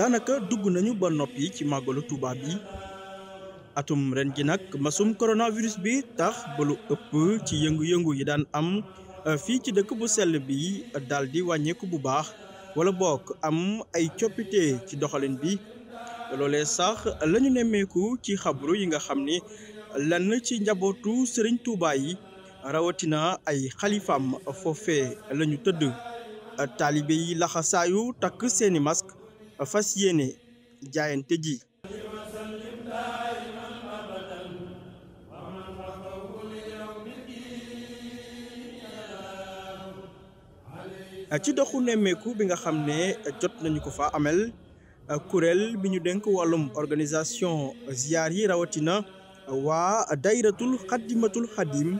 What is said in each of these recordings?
daanaka dugg nañu ba noppi ci màggalu Touba bi atum ren ji nag masum coronavirus bi tax ba lu ëpp ci yëngu-yëngu yi daan am euh, fii ci dëkk bu sell bi daldi wàññeeku bu baax wala bokk am ay coppite ci doxalin bi loolee sax lañu nemmeeku ci xabru yi nga xam ni lenn ci njabootu sëriñ Touba yi rawatina ay xalifam foofee lañu tëdd taalibe yi laxasaayu takk seeni mask fas yéene jaayante ji ci doxu nemmeeku bi nga xam ne jot nañu ko fa amel kuréel bi ñu denk wàllum organisation ziar yi rawatina waa dayratul xadimatul xadim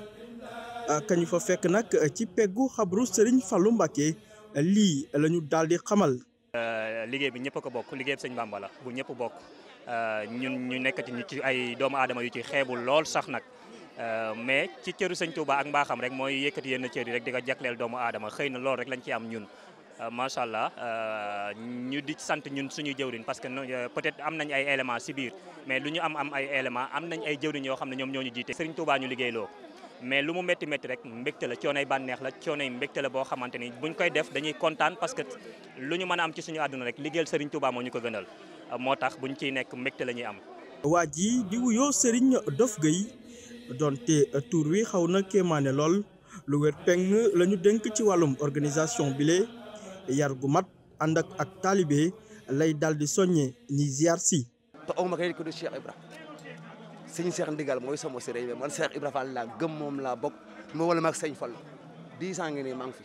kañu fa fekk nag ci peggu xabru sëriñ Fallou Mbacké lii lañu daldi xamal Euh, liggéey bi ñëpp ko bokk liggéey bi sëñ la bu ñëpp bokk euh, ñun ñu nekkati ñu ci ay doomu aadama yu ci xeebul lool sax nag euh, mais ci cëru sëñ Touba ak mbaaxam rek mooy yëkkati yenn cër yi rek di ko jagleel doomu aadama xëy na lool rek lañ ci am ñun. macha allah ñu di sant ñun suñu jëwriñ parce que peut-être am nañ ay éléments si biir mais lu ñu am am ay éléments am nañ ay jëwriñ yoo xam ne ñoom ñoo ñu jiite. Serigne Touba ñu liggéey loo mais lu mu metti metti rek mbecte la coonoy bànneex la cionay mbecte la bo xamanteni buñ koy def dañuy contane parce que luñu mëna am ci suñu aduna rek liguel Serigne Touba mo ñu ko gënal motax buñ ciy nekk mbecte la ñuy am. waaji ji di wuyoo Serigne Dof Gueye donte tour wi xawna kémané lol lu wër peng lañu ñu ci walum organisation bi lé yar gu mat andak ak talibé lay daldi di ni ziar si. te aw ma kay ko du Cheikh ibrahim sëñ Cheikh Ndigal mooy sama sëriñ bi man Cheikh Ibra Fall laa moom laa bokk ma wala maag sëñ Fall dix ans ngi nii maa ngi fi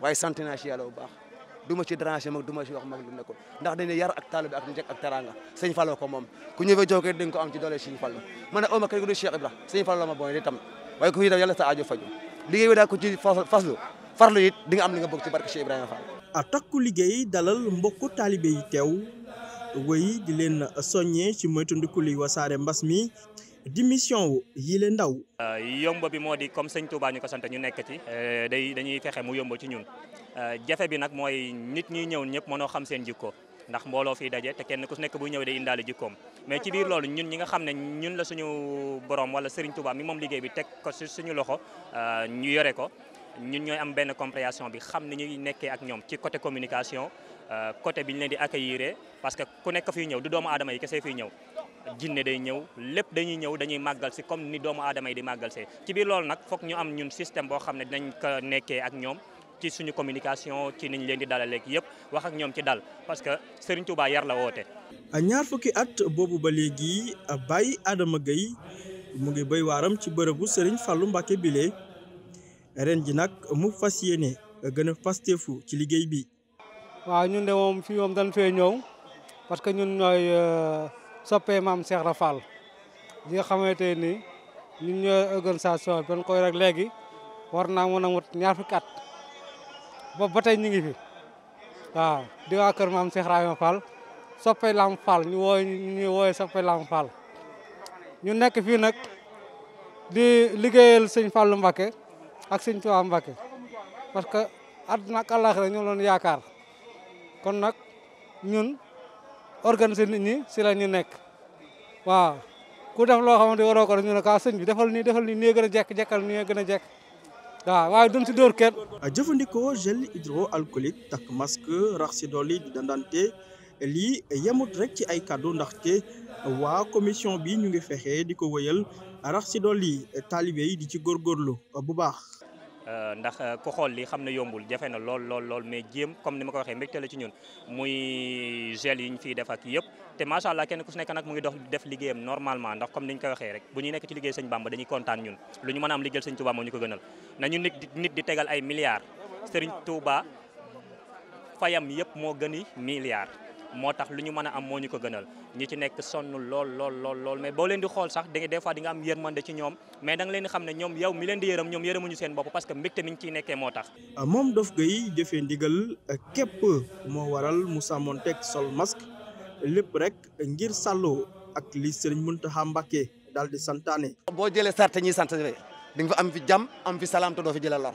waaye sant naa ci bu baax du ma ci dérangé mag du ci wax mag lu nekkul ndax dañuy yar ak taalibe ak njëkk ak teranga ko moom ku ñëwee jokkee dañ ko am ci doole sëñ Fall man ne oma kër gu la ma boone di tam waaye ku fi itam yàlla sa aajo faju liggéey bi daa ko ci faslu farlu it di nga am li nga bëgg ci barke Cheikh Ibrahima Fall a takku liggéey dalal mbokku taalibe yi teew wéy di leen soññee ci moytandiku liy wasaare mbas mi di mission wu yile ndaw. Euh, yomb bi moo di comme sëñ Touba ñu ko sant ñu nekk ci euh, day dañuy fexe mu yomb ci ñun euh, jafe bi nag mooy nit ñi ñëw ñëpp noo xam seen jikko ndax mbooloo fi daje te kenn ku nekk buy ñëw day indaale jikkoom mais ci biir loolu ñun ñi nga xam ne ñun la suñu borom wala Serigne Touba mi moom liggéey bi teg ko si suñu loxo ñu yore ko ñun ñooy am benn compréhension bi xam ni ñuy nekkee ak ñoom ci côté communication côté bi ñu leen di accueillir parce que ku nekk fiy ñëw du doomu aadama yi kese fiy ñëw jinne day ñëw lépp dañuy ñëw dañuy màggal si comme ni doomu aadama yi di màggal see ci biir loolu nag foog ñu am ñun système boo xam ne dinañ ko nekkee ak ñoom ci suñu communication ci niñ leen di dalaleeg yëpp wax ak ñoom ci dal parce que Serigne Touba yar la woote. ñaar fukki at boobu ba léegi bay aadama Gueye mu ngi béy waaram ci bërëbu sëriñ falu Mbacké bilee ren ji nag mu fas yéene gën a pastefu ci liggéey bi. waaw ñun de moom fii moom dañ fee ñëw soppé mam Cheikh Rafal li nga xamante ni ñun ñooy organisation bi ban koy rek légui war naa mën a mut ñaar fi kat boobu ba tey ñu ngi fi waaw di wa kër mam Cheikh Rahima Fall soppé Lam Fall ñu woy ñu woy soppé Lam Fall ñu nekk fi nak di liggéeyal seigne fallu Mbacké ak seigne Touba Mbacké parce que àdduna ak àllaaxira ñu loon kon nak ñun organiser nit ñi si la ñu nekk waaw ku def loo xamante waroo ko ñu ne ka ah, sëñ bi defal nii defal nii nii gën a jekk jekkal a gën a jekk waaw waaye duñ si dóor kenn jëfandikoo gel hydroalcoolique takk masque rax si dolli di dandante lii yemut rek ci ay kàddu ndax ndaxte waa commission bi ñu ngi fexee di ko wëyal rax si dolli taalibe yi di ci góor góorlu bu baax Euh, ndax euh, ku xool li xam ne yombul jafe na lool lool lool mais jéem comme ni ma ko waxee mbégte la ci ñun muy gel yi ñu fiy def ak yëpp te macha allah kenn ku si nekk nag mu ngi dox def liggéeyam normalement ndax comme ni ñu ko waxee rek bu ñuy nekk ci liggéey sëñ Bamba dañuy kontaan ñun lu ñu mën a am liggéeyal sëñ Touba moo ñu ko gënal nañu nit nit di tegal ay milliards sëriñ Touba fayam yëpp moo gën gëni milliards motax luñu mëna am moñu ko gënal ñi ci nekk sonu lol lol lol lol mais bo leen di xol sax da nga des fois di nga am yermande ci ñom mais da nga leen xamne ñom ne yow mi leen di yeram ñom yeramuñu seen bop parce que mbekté mi ci nekké motax ah, mom Dof gay jëfé ndigal eh, képp mo waral mu sàmmoon sol masque lepp rek ngir sallo ak li Serigne Mountakha Mbacké dal di santané bo jëlé sarté ñi sant di nga fa am fi jam am fi salam to do fi jëlé lor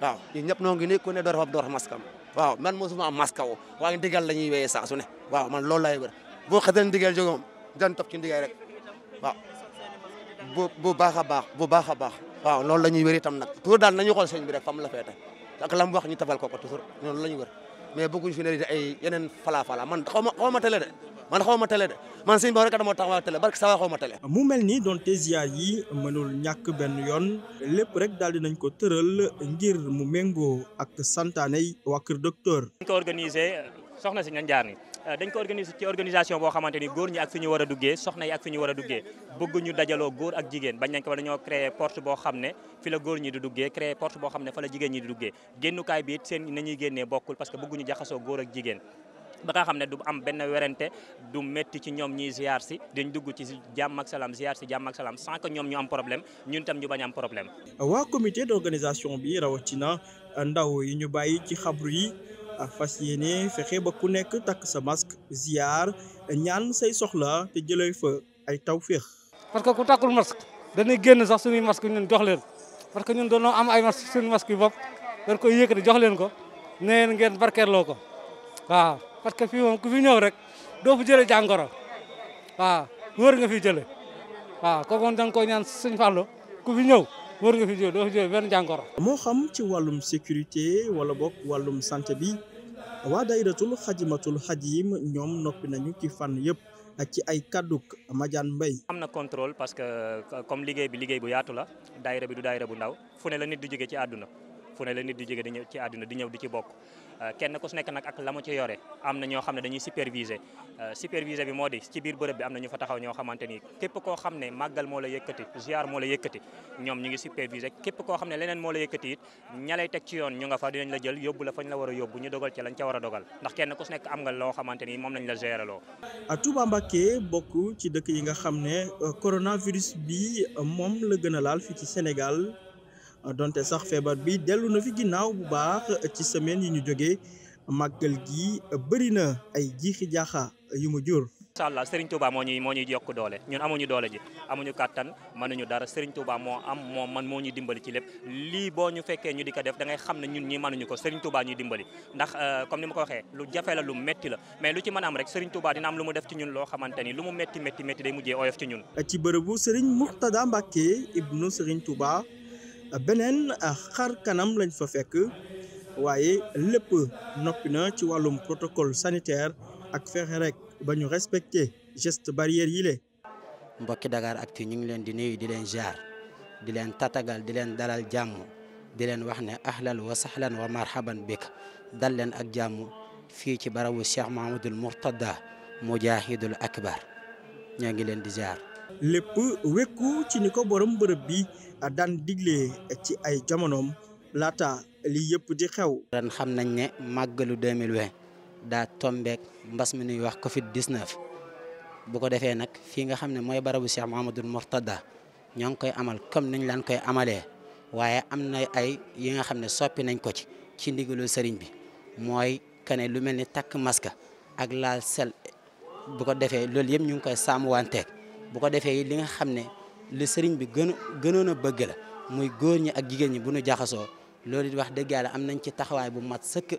waaw ñun ñëpp ngi ni ku ne dor fa dor maskam waaw man mosuma am masque woo waaye ndigal la ñuy wéyee saa su ne waaw man loolu laay wër boo xasee ndigal jóge moom dan topp rek waaw bu bu baax a baax bu baax a baax waaw loolu la ñuy wër tam nag toujours daal nañu xool sëñ bi rek fam la feete ak la wax ñu tabal ko ko toujours noonu la ñu wër mais bëgguñ fi ne di ay yeneen falafala man xaw ma xaw ma télé man xaw ma télé de man suñ boo rek moo tax waa télé barke sa waa xaw mu mel nii donte ziar yi mënul ñàkk benn yoon lépp rek daal di nañ ko tëral ngir mu méngoo ak santaane waa kër docteur. ko soxna si ñan jaar ni euh, dañ ko organisation boo xamante ni góor ñi ak fi ñu war a duggee soxna yi ak fi ñu war a duggee bëgg ñu dajaloo góor ak jigéen bañ nañ ko ba dañoo créer boo xam ne fi la góor ñi di boo xam ne fa la jigéen ñi di duggee génnukaay bi it seen nañuy génnee bokkul parce que bëgguñu jaxasoo góor ak jigéen ba nga xam ne du am benn werante du métti ci ñoom ñi ziar si dañ dugg ci jàmm ak salaam ziar si jàmm ak salaam sans ñoom ñu am problème ñun tam ñu bañ am problème. waa comité d'organisation bi rawatina euh, ndaw yi ñu bàyyi ci xabru yi fas yéene fexe ba ku nekk takk sa masque ziar ñaan say soxla te jëlee fa ay taw feex parce que ku takkul masque dañuy génn sax suñuy masque ñun jox leen parce que ñun doonoo am ay masque suñu masque yu bopp dañ koy yëkkati jox leen ko nee ngeen barkeeloo ko waaw parce que fi moom ku fi ñëw rek doo fi jëlee jàngoro waaw wóor nga fi jëlee waaw kooku moom da nga koy ñaan suñu fi ñëw. war moo xam ci wàllum sécurité wala bokk wàllum santé bi waa dayratul xajimatul xajim ñoom noppi nañu ci fànn yëpp ci ay kàdduk Madiane mbay am na contrôle parce que euh, comme liggéey bi liggéey bu yaatu la daayira bi du daayira bu ndaw fu ne la nit di jóge ci àdduna fu ne la nit di jóge di ñëw ci àdduna di ñëw di ci bokk Euh, kenn ku su nekk nag ak la mu ci yore am na ñoo xam ne dañuy superviser euh, superviser bi moo di ci biir bërëb bi am na ñu fa taxaw ñoo xamante ni képp koo xam ne màggal moo la yëkkati ziar moo la yëkkati ñoom ñu ngi superviser képp la yëkkati it ña lay teg ci yoon ñu la jël yóbbu la fañ la war a yóbbu ñu dogal ci lañ ca war a dogal ndax kenn ku su nekk am nga loo xamante ni moom lañ la géraloo. Touba bokk ci dëkk yi nga xam ne euh, coronavirus bi moom la gën a laal fii ci Sénégal donte sax feebar bi dellu na fi ginnaaw bu baax ci semaine yi ñu jógee màggal gi bëri na ay jiixi jaaxa yu mu jur. incha allah Serigne Touba moo ñuy moo ñuy yokk doole ñun amuñu doole ji amuñu kàttan mënuñu dara Serigne Touba moo am moo man moo ñuy dimbali ci lépp lii boo ñu fekkee ñu di ko def da ngay xam ne ñun ñi mënuñu ko Serigne Touba ñuy dimbali ndax euh, comme ni ma ko waxee lu jafe la lu metti la mais lu ci mën am rek Serigne Touba dina am lu mu def ci ñun loo xamante ni lu mu metti metti metti day mujjee oyof ci ñun. ci bërëbu Serigne Mourtada beneen ah, xar kanam lañ fa fekk waaye lépp noppi na ci wàllum protocole sanitaire ak fexe rek ba ñu respecté geste barrière mbokki le ak Dakaractu ñu ngi leen di nuyu di leen jaar di leen tatagal di leen dalal jàmm di leen wax ne ahlan wa sahlan wa marhaban bik dal leen ak jàmm fii ci barabu Cheikh Mahamadul Murtada mujahidul akbar ñoo ngi leen di jaar lépp wekku ci ni ko borom bërëb bi daan digle ci ay jamonoom laata li yëpp di xew. ren xam nañ ne màggalu 2020 daa tombeek mbas mi nuy wax Covid 19 bu ko defee nag fii nga xam ne mooy barabu Cheikh Mouhamadoul Mourtada ñoo ngi koy amal comme niñ laan koy amalee waaye am na ay yi nga xam ne soppi nañ ko ci ci ndigalul sëriñ bi mooy kane lu mel ni takk maska ak laal sel bu ko defee loolu yëpp ñu ngi koy sàmm bu ko defee li nga xam ne li sëriñ bi gën gënoon a bëgg muy góor ñi ak jigéen ñi bu nu jaxasoo loolu di wax dëgg yàlla am nañ ci taxawaay bu mat sëkk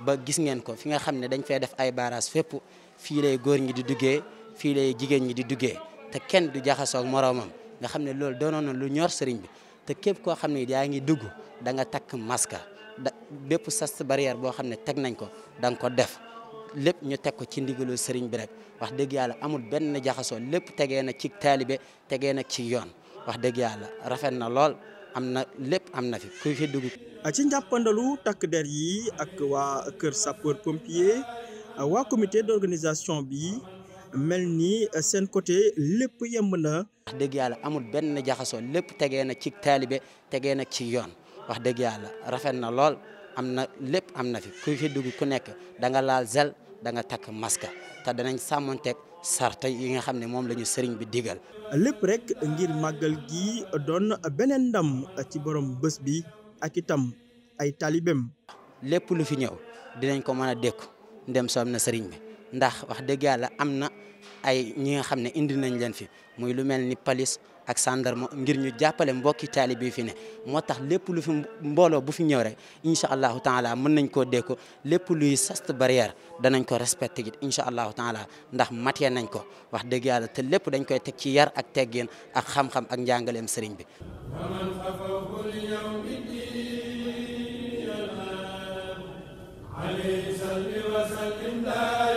ba gis ngeen ko fi nga xam ne dañ fee def ay barrage fépp fii lay góor ñi di duggee fii lay jigéen ñi di duggee te kenn du jaxasoo moroomam nga xam ne loolu doonoon na lu ñor sëriñ bi te képp koo xam ne yaa ngi dugg da nga takk maska da bépp sas barrière boo xam ne teg nañ ko da ko def lépp ñu teg ko ci ndigalu sëriñ bi rek wax dëgg yàlla amul benn jaxasoo lépp tegee na ci taalibe tegee na ci yoon wax dëgg yàlla rafet na lool am na lépp am na fi kuy fi ci njàppandalu takk der yi ak waa kër sapeur pompier waa bi mel ni seen côté lépp yemb na. dëgg yàlla amul benn jaxasoo lépp tegee na ci taalibe tegee na ci yoon wax dëgg yàlla rafet na lool. am na lépp am na fi ku fi dugg ku nekk danga laal zel danga takk maska te danañ sàmmonteeg sarta yi nga xam ne moom la ñu sëriñ bi digal. lépp rek ngir màggal gi doon beneen ndam ci borom bés bi ak itam ay talibem. lépp lu fi ñëw dinañ ko mën a dékk ndem soom na sëriñ bi ndax wax dëgg yàlla am na ay ñi nga xam ne indi nañ leen fi muy lu mel ni palis. ak sandarma ngir ñu jàppale mbokki taalibe bi fi ne moo tax lépp lu fi mbooloo bu fi ñëw rek incha allahu taala mën nañ koo dékko lépp luy sast barrière danañ ko respecté git incha allahu taala ndax matee nañ ko wax dëgg yàlla te lépp dañ koy teg ci yar ak teggin ak xam-xam ak njàngaleem sëriñ bi عليه صل وسلم